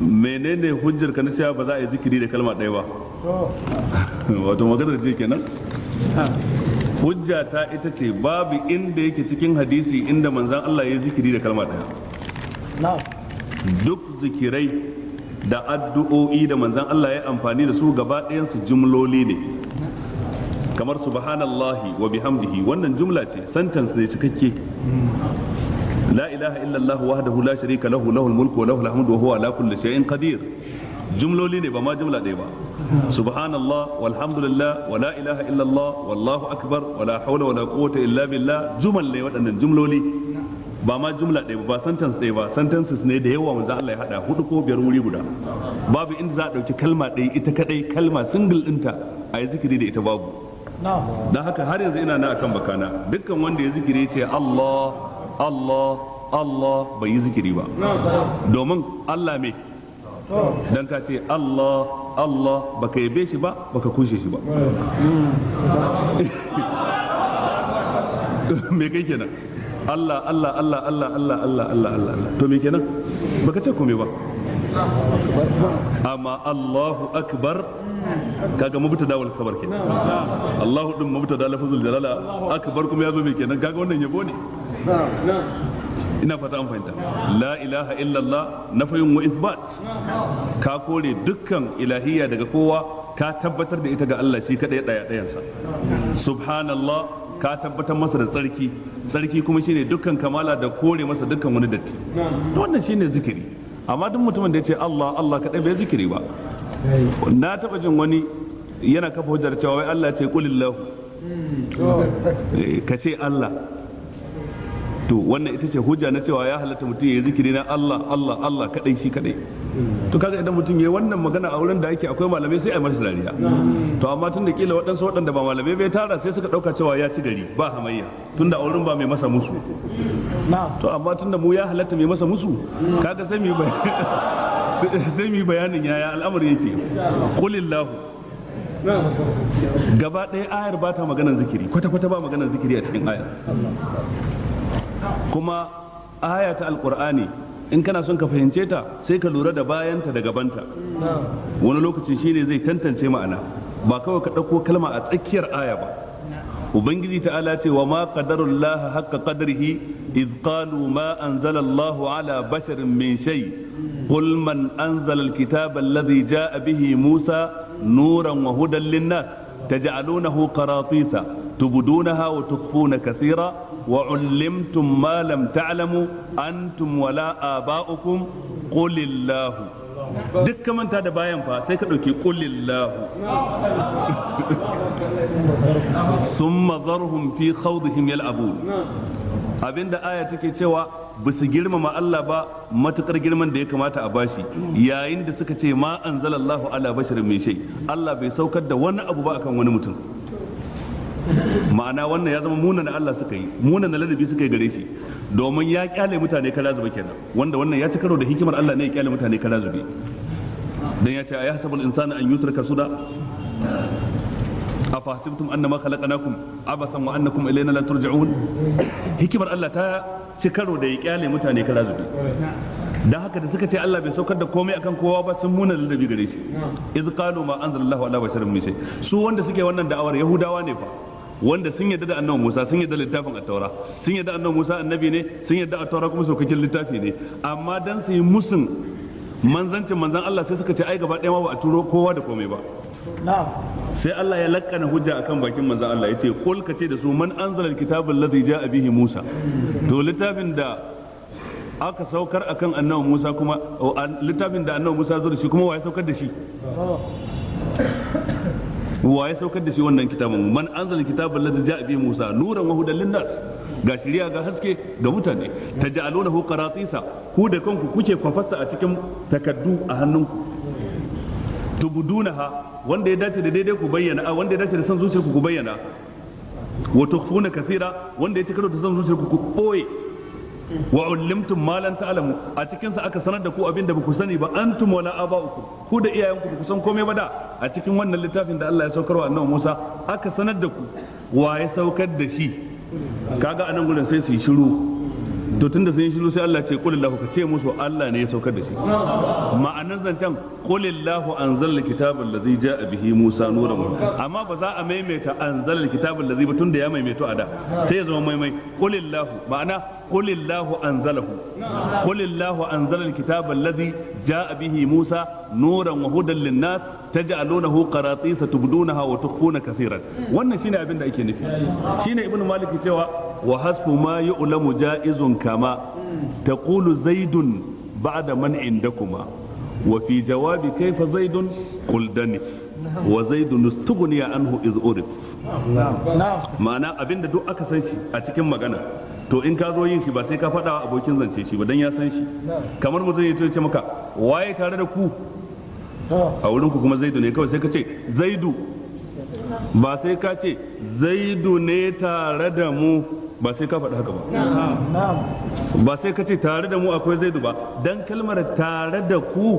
menene hujjar ka na cewa ba za a yi zikiri da kalma ɗaya ba wato maganar ce kenan hujja ta ita ce babu inda yake cikin hadisi inda manzan Allah ya zikiri da kalma ɗaya duk zikirai da addu'o'i da manzan Allah ya amfani da su gaba ɗayansu jumloli ne kamar subhanallahi wa bihamdihi wannan jumla ce sentence ne cikakke la ilaha illallah wahdahu la sharika lahu lahul mulku wa lahul hamdu wa jumloli ne ba ma jumla ɗaya ba subhanallah walhamdulillah wa la ilaha illallah wallahu akbar wa la hawla ne waɗannan jumloli ba ma jumla ɗaya ba sentence ɗaya ba da yawa manzo Allah ya hada hudu ko biyar wuri guda babu inda za a dauki kalma ɗaya ita kadai kalma single ɗinta a yi zikiri da ita babu don haka har yanzu ina nan akan bakana dukkan wanda ya zikiri ce Allah Allah Allah bai yi zikiri ba domin Allah me dan ka ce Allah Allah baka yabe shi ba baka kushe shi ba me kai kenan Allah Allah Allah Allah Allah Allah Allah Allah to me kenan baka ce komai ba amma Allahu akbar kaga mabuta dawal kabar kenan Allahu din mubtada lafzul jalala akbar kuma yazo me kenan kaga wannan yabo ne ina fata an fahimta la ilaha illallah na wa isbat ka kore dukkan ilahiyya daga kowa ka tabbatar da ita ga Allah shi kadai daya dayansa subhanallah ka tabbatar masa da tsarki tsarki kuma shine dukkan kamala da kore masa dukkan wani datti wannan shine zikiri amma duk mutumin da ya ce Allah Allah kadai bai zikiri ba na taba jin wani yana kafa hujjar cewa wai Allah ce kulillahu eh, ka ce Allah to wannan ita ce hujja na cewa ya halatta mutum ya zikiri na Allah Allah Allah kadai shi kadai to kaga idan mutum yayi wannan magana a wurin da yake akwai malamai sai a masa dariya to amma tunda kila waɗansu waɗanda ba malamai bai tara sai suka ɗauka cewa ya ci gari ba hamayya tunda a wurin ba mai masa musu to amma tunda mu ya halatta mai masa musu kaga sai mu sai mu bayanin yaya al'amari yake qulillahu gaba ɗaya ayar ba ta maganar zikiri kwata-kwata ba maganar zikiri a cikin ayar kuma aya ta alkur'ani in kana son ka fahimce ta sai ka lura da bayanta da gabanta wani lokaci shine zai tantance ma'ana ba kawai ka ɗauko kalma a tsakiyar aya ba ubangiji ta'ala ce wa ma qadarullah haqqa qadrihi iz qalu ma anzala ala basharin min shay qul man anzala alkitaba alladhi jaa bihi Musa nuran wa hudan lin-nas taj'alunahu qaratisa تبدونها وتخفون كثيرا وعلمتم ما لم تعلموا أنتم ولا آباؤكم قل الله duk ka manta da bayan fa sai ka ɗauki ƙulillahu sun mazarhum fi khawdihim yal'abu abinda aya take cewa ba su girmama Allah ba matukar girman da ya kamata a bashi yayin da suka ce ma anzalallahu ala bashirin mai shai Allah bai saukar da wani abu ba akan wani mutum ma'ana wannan ya zama munana Allah suka yi munana ladabi suka yi gare shi domin ya kyale mutane kala zuba kenan wanda wannan ya ci karo da hikimar Allah ne ya kyale mutane kala zube dan ya ce a yahsabul insana an yutraka suda afahasibtum annama khalaqnakum abathan wa annakum ilayna la turja'un hikimar Allah ta ci karo da ya kyale mutane kala zube dan haka da suka ce Allah bai saukar da komai akan kowa ba sun muna ladabi gare shi iz qalu ma anzalallahu ala basharin min shay su wanda suke wannan da'awar yahudawa ne fa wanda sun yadda da annabi Musa sun yadda littafin at-taura sun yadda annabi Musa annabi ne sun yadda at-taura kuma saukakin littafi ne amma dan su yi musun manzancin manzan Allah sai suka ce ai gaba ɗaya ma ba a turo kowa da komai ba sai Allah ya lakkana hujja akan bakin manzan Allah yace kul ka ce da su man anzala al-kitaba alladhi ja'a bihi Musa to littafin da aka saukar akan annabi Musa kuma littafin da annabi Musa zo da shi kuma wa ya saukar da shi oh. wa ya saukar da shi wannan kitabun man anzal kitabal ladzi ja'a bi Musa nuran wa hudan linnas ga shiriya ga haske ga mutane taj'alunahu qaratisa ku da kanku kuke kwafasa a cikin takaddu a hannunku tubudunaha wanda ya dace da daidai ku bayyana a wanda ya dace da san zuciyarku ku bayyana wa tukhuna kathira wanda ya ci karo da san zuciyarku ku boye wa ullimtum ma lan ta'lamu a cikin sa aka sanar da ku abin da ku sani ba antum wala aba'ukum ku da iyayenku ba ku san komai ba da a cikin wannan littafin da Allah ya saukar wa annabi Musa aka sanar da ku wa ya saukar da shi kaga anan gurin sai su yi shiru to tunda sun yi shiru sai Allah ce qulillahu ka ce musu Allah ne ya saukar da shi ma'anan zancen qulillahu anzalal kitaba allazi ja'a bihi Musa nuran amma ba za a maimaita anzalal kitaba allazi ba tunda ya maimaito a da sai ya zama maimai qulillahu ma'ana قل الله أنزله قل الله أنزل الكتاب الذي جاء به موسى نورا وهدى للناس تجعلونه قراطيس تبدونها وتخفون كثيرا وانا شين ابن دايك نفي شين ابن مالك يتوى وحسب ما يؤلم جائز كما تقول زيد بعد من عندكما وفي جواب كيف زيد قل دني وزيد استغني عنه إذ أورف ma'ana abinda duk aka san shi a cikin magana to in ka zo yin shi ba sai ka faɗa abokin zance shi ba dan ya san shi kamar zai ya ce maka waye tare da ku a wurin ku kuma zaidu ne kawai sai ka ce zaidu ba sai ka ce zaidu ne tare da mu ba sai ka faɗi haka ba ba sai ka ce tare da mu akwai zaidu ba dan kalmar tare da ku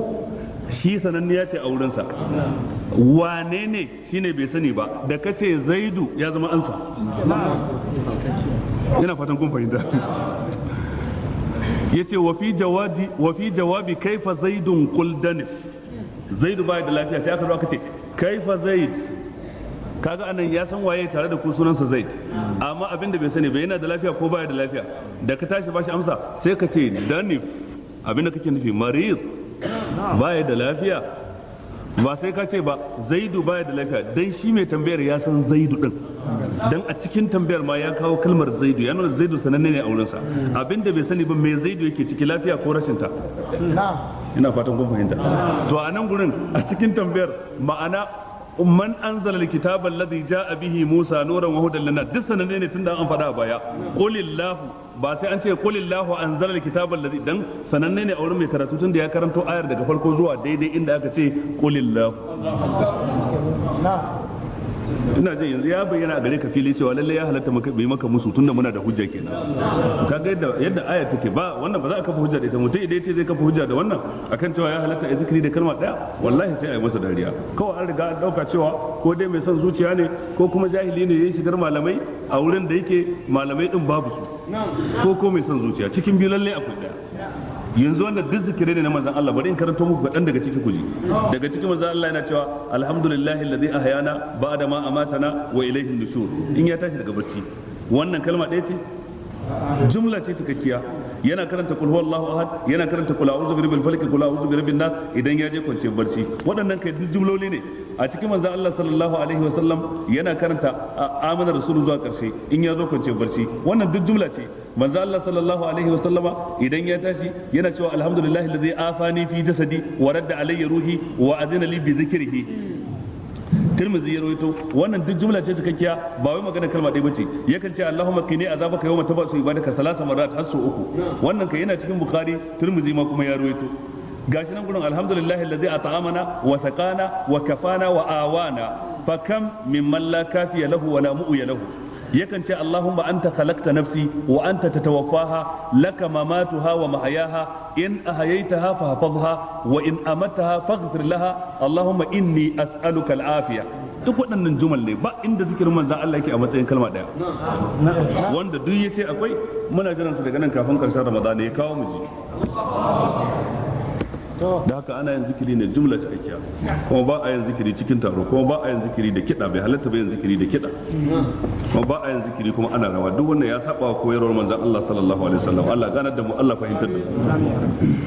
shi sananniya ce a wurinsa wane ne shine bai sani ba da ka ce zaidu ya zama ansa yana fatan kun fahimta ya ce wa fi jawabi kaifa zaidun kuldanif zaidu baya da lafiya sai aka zo aka ce kaifa zaid kaga anan ya san waye tare da ku sunansa zaid amma abin da bai sani bai yana da lafiya ko baya da lafiya da ka tashi bashi amsa sai ka ce danif abin da kake nufi marid baya da lafiya ba sai ka ce ba zaidu baya da lafiya dan shi mai tambayar ya san zaidu din dan a cikin tambayar ma ya kawo kalmar zaidu ya nuna zaidu sananne ne a wurinsa abinda bai sani ba mai zaidu yake ciki lafiya ko rashin ta ina fatan kun fahimta to a nan gurin a cikin tambayar ma'ana man anzala alkitaba alladhi jaa bihi musa nuran wa hudan lana duk sananne ne tunda an faɗa a baya qulillahu ba sai an ce qulillahu anzala alkitaba alladhi dan sananne ne a wurin mai karatu tunda ya karanto ayar daga farko zuwa daidai inda aka ce qulillahu ina jin yanzu ya bayyana a gare ka fili cewa lalle ya halatta maka bai maka musu tunda muna da hujja kenan kaga yadda yadda aya take ba wannan ba za a kafa hujja da ita mutum idan yace zai kafa hujja da wannan akan cewa ya halatta ya zikiri da kalma daya wallahi sai a yi masa dariya kawai an riga an dauka cewa ko dai mai son zuciya ne ko kuma jahili ne yayin shigar malamai a wurin da yake malamai din babu su ko ko mai son zuciya cikin biyu lalle akwai daya yanzu wannan duk zikirai ne na manzon Allah bari in karanto muku kaɗan daga ciki kuji daga ciki manzon Allah yana cewa alhamdulillahi alladhi ahyana ba'da ma amatana wa ilayhi nushur in ya tashi daga barci. wannan kalma ɗaya ce jumla ce cikakkiya yana karanta kul huwallahu ahad yana karanta kul a'udhu birabbil falaq kul a'udhu birabbin nas idan ya je kwanciyar barci waɗannan kai duk jumloli ne a cikin manzon Allah sallallahu alaihi wasallam yana karanta amana rasulu zuwa karshe in ya zo kwance barci wannan duk jumla ce manzon Allah sallallahu alaihi wasallam idan ya tashi yana cewa da zai afani fi jasadi wa radda alayya ruhi wa azina li bi dhikrihi tirmidhi ya rawaito wannan duk jumla ce cikakkiya ba wai magana kalma ɗaya bace yakan ce Allahumma qini azabaka yawma tabasu ibadaka salasa marat har uku wannan ka yana cikin bukhari tirmidhi ma kuma ya rawaito gashi nan gurin alhamdulillah a at'amana wa saqana wa kafana wa awana fa kam mimman la kafiya lahu wa la mu'ya lahu yakan ce allahumma anta khalaqta nafsi wa anta tatawaffaha laka mamatuha wa mahayaha in ahayaytaha fa hafazha wa in amataha faghfir laha allahumma inni as'aluka al duk waɗannan jumal ne ba inda zikirin manzan Allah yake a matsayin kalma ɗaya wanda duk ya ce akwai muna jiran su daga nan kafin karshen ramadana ya kawo mu ji da haka ana yin zikiri ne jumla cikakkiya kuma ba a yin zikiri cikin taro kuma ba a yin zikiri da kiɗa bai halatta bai yin zikiri da kiɗa kuma ba a yin zikiri kuma ana rawa duk wannan ya saba koyarwar manzon Allah sallallahu alaihi wasallam Allah ganar da mu Allah fahimtar da mu